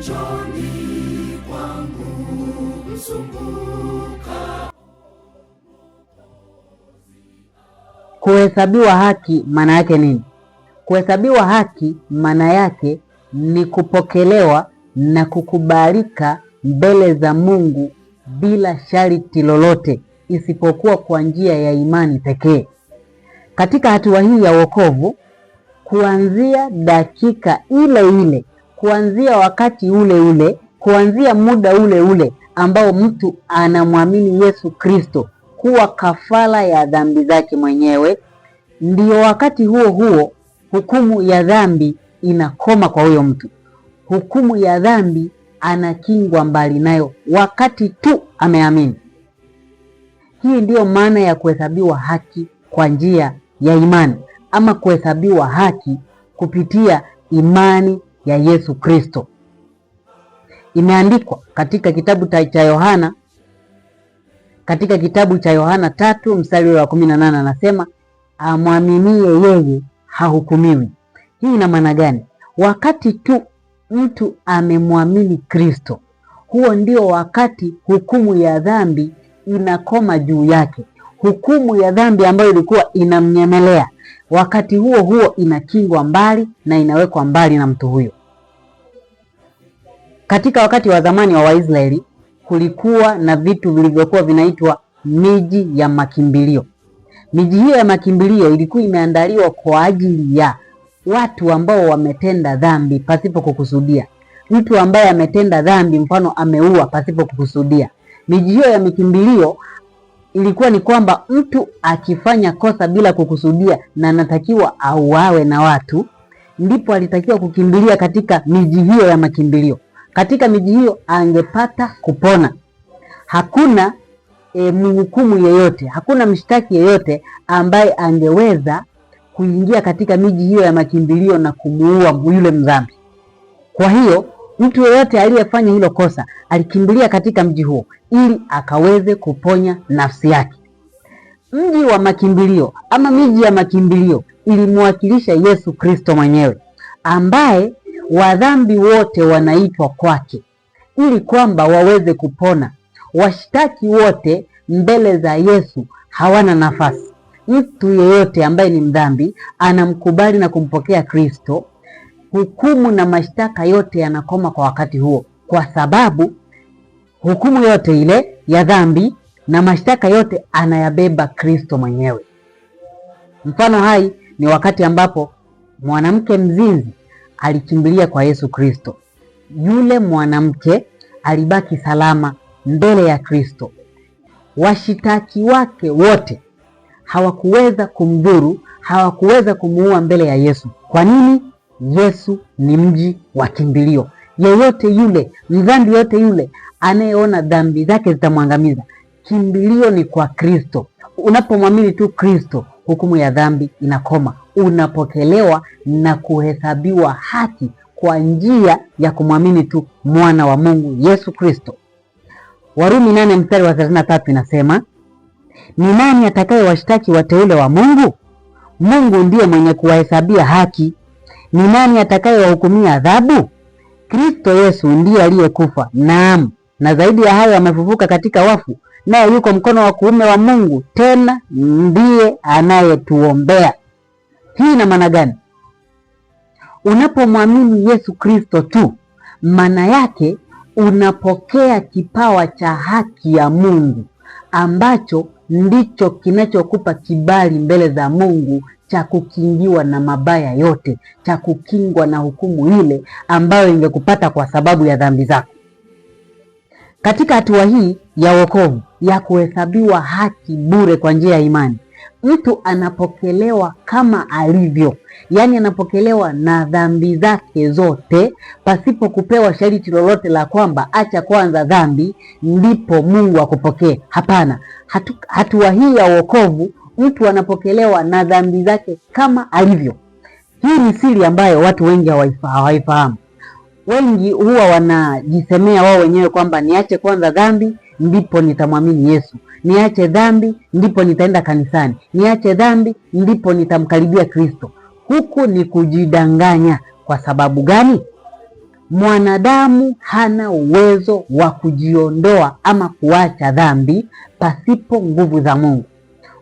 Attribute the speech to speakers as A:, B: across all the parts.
A: Njoni kwangu msumbuka. Kuhesabiwa haki maana yake nini? Kuhesabiwa haki maana yake ni kupokelewa na kukubalika mbele za Mungu bila sharti lolote isipokuwa kwa njia ya imani pekee. Katika hatua hii ya wokovu, kuanzia dakika ile ile kuanzia wakati ule ule, kuanzia muda ule ule ambao mtu anamwamini Yesu Kristo kuwa kafara ya dhambi zake mwenyewe, ndio wakati huo huo hukumu ya dhambi inakoma kwa huyo mtu. Hukumu ya dhambi anakingwa mbali nayo wakati tu ameamini. Hii ndiyo maana ya kuhesabiwa haki kwa njia ya imani ama kuhesabiwa haki kupitia imani ya Yesu Kristo. Imeandikwa katika kitabu cha Yohana, katika kitabu cha Yohana tatu mstari wa kumi na nane anasema amwaminie yeye hahukumiwi. Hii ina maana gani? Wakati tu mtu amemwamini Kristo, huo ndio wakati hukumu ya dhambi inakoma juu yake, hukumu ya dhambi ambayo ilikuwa inamnyemelea wakati huo huo inakingwa mbali na inawekwa mbali na mtu huyo. Katika wakati wa zamani wa Waisraeli kulikuwa na vitu vilivyokuwa vinaitwa miji ya makimbilio. Miji hiyo ya makimbilio ilikuwa imeandaliwa kwa ajili ya watu ambao wametenda dhambi pasipo kukusudia. Mtu ambaye ametenda dhambi, mfano ameua pasipo kukusudia, miji hiyo ya makimbilio ilikuwa ni kwamba mtu akifanya kosa bila kukusudia na anatakiwa auawe na watu, ndipo alitakiwa kukimbilia katika miji hiyo ya makimbilio. Katika miji hiyo angepata kupona. Hakuna e, mhukumu yeyote, hakuna mshtaki yeyote ambaye angeweza kuingia katika miji hiyo ya makimbilio na kumuua yule mdhambi. Kwa hiyo Mtu yeyote aliyefanya hilo kosa alikimbilia katika mji huo ili akaweze kuponya nafsi yake. Mji wa makimbilio ama miji ya makimbilio ilimwakilisha Yesu Kristo mwenyewe ambaye wadhambi wote wanaitwa kwake ili kwamba waweze kupona. Washtaki wote mbele za Yesu hawana nafasi. Mtu yeyote ambaye ni mdhambi anamkubali na kumpokea Kristo hukumu na mashtaka yote yanakoma kwa wakati huo, kwa sababu hukumu yote ile ya dhambi na mashtaka yote anayabeba Kristo mwenyewe. Mfano hai ni wakati ambapo mwanamke mzinzi alikimbilia kwa Yesu Kristo. Yule mwanamke alibaki salama mbele ya Kristo. Washitaki wake wote hawakuweza kumdhuru, hawakuweza kumuua mbele ya Yesu. Kwa nini? Yesu ni mji wa kimbilio. Yeyote yule, mdhambi yote yule anayeona dhambi zake zitamwangamiza, kimbilio ni kwa Kristo. Unapomwamini tu Kristo, hukumu ya dhambi inakoma, unapokelewa na kuhesabiwa haki kwa njia ya kumwamini tu mwana wa Mungu Yesu Kristo. Warumi nane mstari wa thelathini na tatu inasema ni nani atakaye washtaki wateule wa Mungu? Mungu ndiye mwenye kuwahesabia haki ni nani atakayewahukumia adhabu? Kristo Yesu ndiye aliyekufa, naam, na zaidi ya hayo amefufuka katika wafu, naye yuko mkono wa kuume wa Mungu, tena ndiye anayetuombea. Hii ina maana gani? Unapomwamini Yesu Kristo tu, maana yake unapokea kipawa cha haki ya Mungu ambacho ndicho kinachokupa kibali mbele za Mungu cha kukingiwa na mabaya yote, cha kukingwa na hukumu ile ambayo ingekupata kwa sababu ya dhambi zako. Katika hatua hii ya wokovu ya kuhesabiwa haki bure kwa njia ya imani, mtu anapokelewa kama alivyo, yaani anapokelewa na dhambi zake zote pasipo kupewa sharti lolote la kwamba acha kwanza dhambi ndipo Mungu akupokee. Hapana. Hatua hii ya wokovu mtu anapokelewa na dhambi zake kama alivyo. Hii ni siri ambayo watu wengi hawaifahamu. Wengi huwa wanajisemea wao wenyewe kwamba niache kwanza dhambi ndipo nitamwamini Yesu, niache dhambi ndipo nitaenda kanisani, niache dhambi ndipo nitamkaribia Kristo. Huku ni kujidanganya. Kwa sababu gani? Mwanadamu hana uwezo wa kujiondoa ama kuacha dhambi pasipo nguvu za Mungu.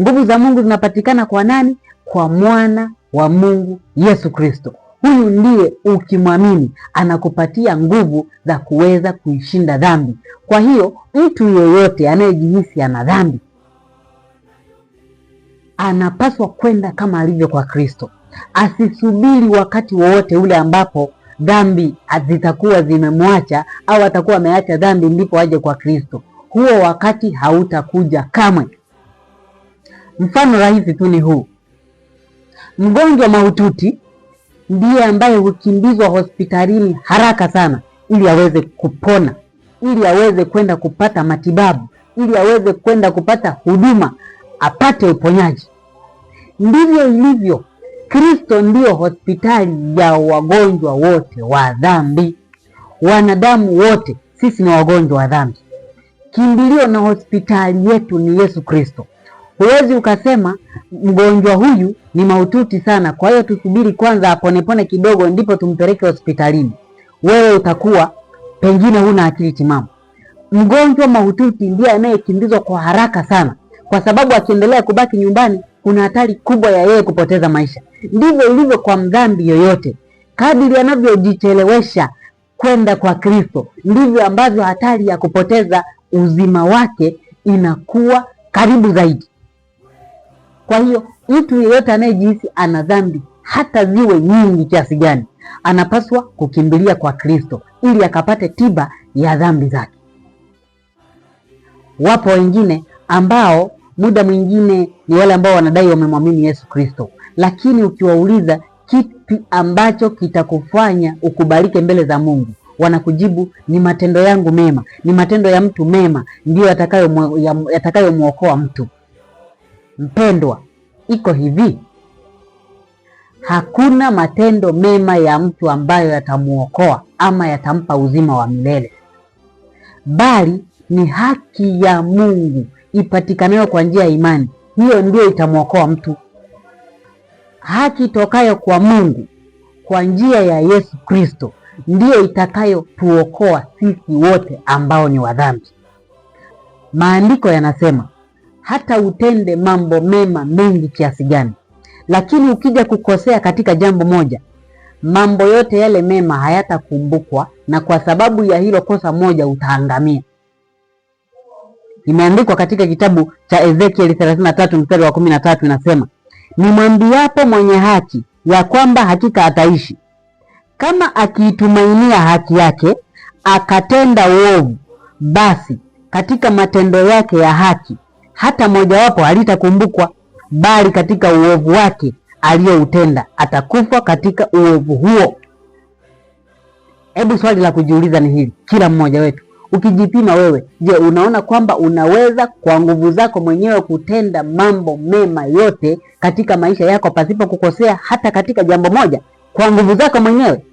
A: Nguvu za Mungu zinapatikana kwa nani? Kwa mwana wa Mungu Yesu Kristo. Huyu ndiye ukimwamini anakupatia nguvu za kuweza kuishinda dhambi. Kwa hiyo mtu yeyote anayejihisi ana dhambi anapaswa kwenda kama alivyo kwa Kristo, asisubiri wakati wowote ule ambapo dhambi zitakuwa zimemwacha au atakuwa ameacha dhambi ndipo aje kwa Kristo. Huo wakati hautakuja kamwe. Mfano rahisi tu ni huu. Mgonjwa mahututi ndiye ambaye hukimbizwa hospitalini haraka sana ili aweze kupona, ili aweze kwenda kupata matibabu, ili aweze kwenda kupata huduma, apate uponyaji. Ndivyo ilivyo. Kristo ndiyo hospitali ya wagonjwa wote wa dhambi. Wanadamu wote sisi ni wagonjwa wa dhambi. Kimbilio na hospitali yetu ni Yesu Kristo. Huwezi ukasema mgonjwa huyu ni mahututi sana, kwa hiyo tusubiri kwanza aponepone kidogo ndipo tumpeleke hospitalini. Wewe utakuwa pengine huna akili timamu. Mgonjwa mahututi ndiye anayekimbizwa kwa haraka sana, kwa sababu akiendelea kubaki nyumbani kuna hatari kubwa ya yeye kupoteza maisha. Ndivyo ilivyo kwa mdhambi yoyote, kadiri anavyojichelewesha kwenda kwa Kristo, ndivyo ambavyo hatari ya kupoteza uzima wake inakuwa karibu zaidi. Kwa hiyo mtu yeyote anayejihisi ana dhambi hata ziwe nyingi kiasi gani, anapaswa kukimbilia kwa Kristo ili akapate tiba ya dhambi zake. Wapo wengine ambao muda mwingine ni wale ambao wanadai wamemwamini Yesu Kristo, lakini ukiwauliza kipi ambacho kitakufanya ukubalike mbele za Mungu, wanakujibu ni matendo yangu mema, ni matendo ya mtu mema ndiyo yatakayomwokoa mtu. Mpendwa, iko hivi, hakuna matendo mema ya mtu ambayo yatamuokoa ama yatampa uzima wa milele, bali ni haki ya Mungu ipatikanayo kwa njia ya imani. Hiyo ndio itamwokoa mtu. Haki tokayo kwa Mungu kwa njia ya Yesu Kristo ndiyo itakayotuokoa sisi wote ambao ni wadhambi. Maandiko yanasema hata utende mambo mema mengi kiasi gani, lakini ukija kukosea katika jambo moja, mambo yote yale mema hayatakumbukwa, na kwa sababu ya hilo kosa moja utaangamia. Imeandikwa katika kitabu cha Ezekieli 33 mstari wa 13, inasema nimwambiapo mwenye haki ya kwamba hakika ataishi, kama akiitumainia haki yake akatenda uovu, basi katika matendo yake ya haki hata mojawapo halitakumbukwa, bali katika uovu wake aliyoutenda atakufa katika uovu huo. Hebu swali la kujiuliza ni hili, kila mmoja wetu ukijipima wewe, je, unaona kwamba unaweza kwa nguvu zako mwenyewe kutenda mambo mema yote katika maisha yako pasipo kukosea hata katika jambo moja? Kwa nguvu zako mwenyewe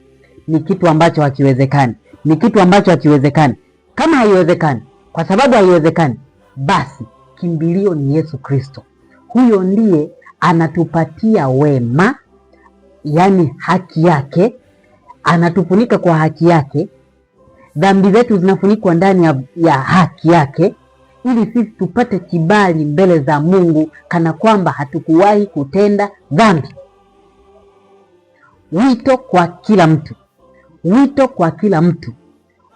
A: ni kitu ambacho hakiwezekani, ni kitu ambacho hakiwezekani. Kama haiwezekani, kwa sababu haiwezekani, basi kimbilio ni Yesu Kristo. Huyo ndiye anatupatia wema, yaani haki yake, anatufunika kwa haki yake, dhambi zetu zinafunikwa ndani ya, ya haki yake, ili sisi tupate kibali mbele za Mungu, kana kwamba hatukuwahi kutenda dhambi. Wito kwa kila mtu, wito kwa kila mtu,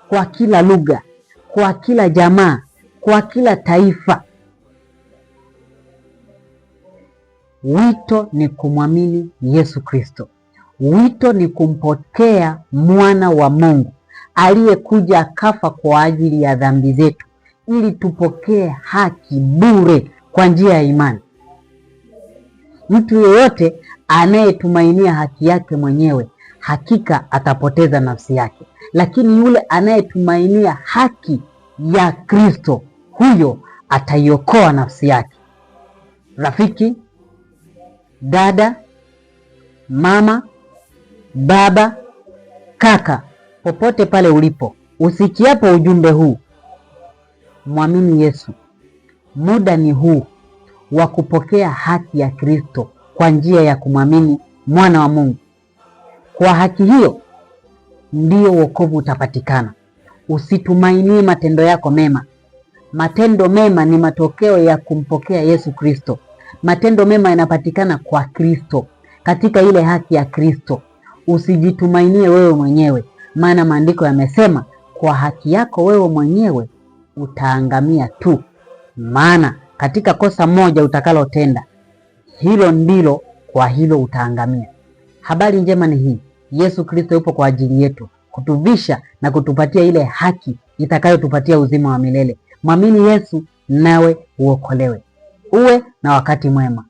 A: kwa kila lugha, kwa kila jamaa, kwa kila taifa. Wito ni kumwamini Yesu Kristo. Wito ni kumpokea mwana wa Mungu aliyekuja akafa kwa ajili ya dhambi zetu ili tupokee haki bure kwa njia ya imani. Mtu yeyote anayetumainia haki yake mwenyewe hakika atapoteza nafsi yake, lakini yule anayetumainia haki ya Kristo, huyo ataiokoa nafsi yake. Rafiki, dada, mama, baba, kaka, popote pale ulipo, usikiapo ujumbe huu, mwamini Yesu. Muda ni huu wa kupokea haki ya Kristo kwa njia ya kumwamini mwana wa Mungu. Kwa haki hiyo ndio wokovu utapatikana. Usitumainie matendo yako mema. Matendo mema ni matokeo ya kumpokea Yesu Kristo matendo mema yanapatikana kwa Kristo, katika ile haki ya Kristo. Usijitumainie wewe mwenyewe, maana maandiko yamesema, kwa haki yako wewe mwenyewe utaangamia tu. Maana katika kosa moja utakalotenda, hilo ndilo, kwa hilo utaangamia. Habari njema ni hii, Yesu Kristo yupo kwa ajili yetu kutuvisha na kutupatia ile haki itakayotupatia uzima wa milele. Mwamini Yesu nawe uokolewe uwe na wakati mwema.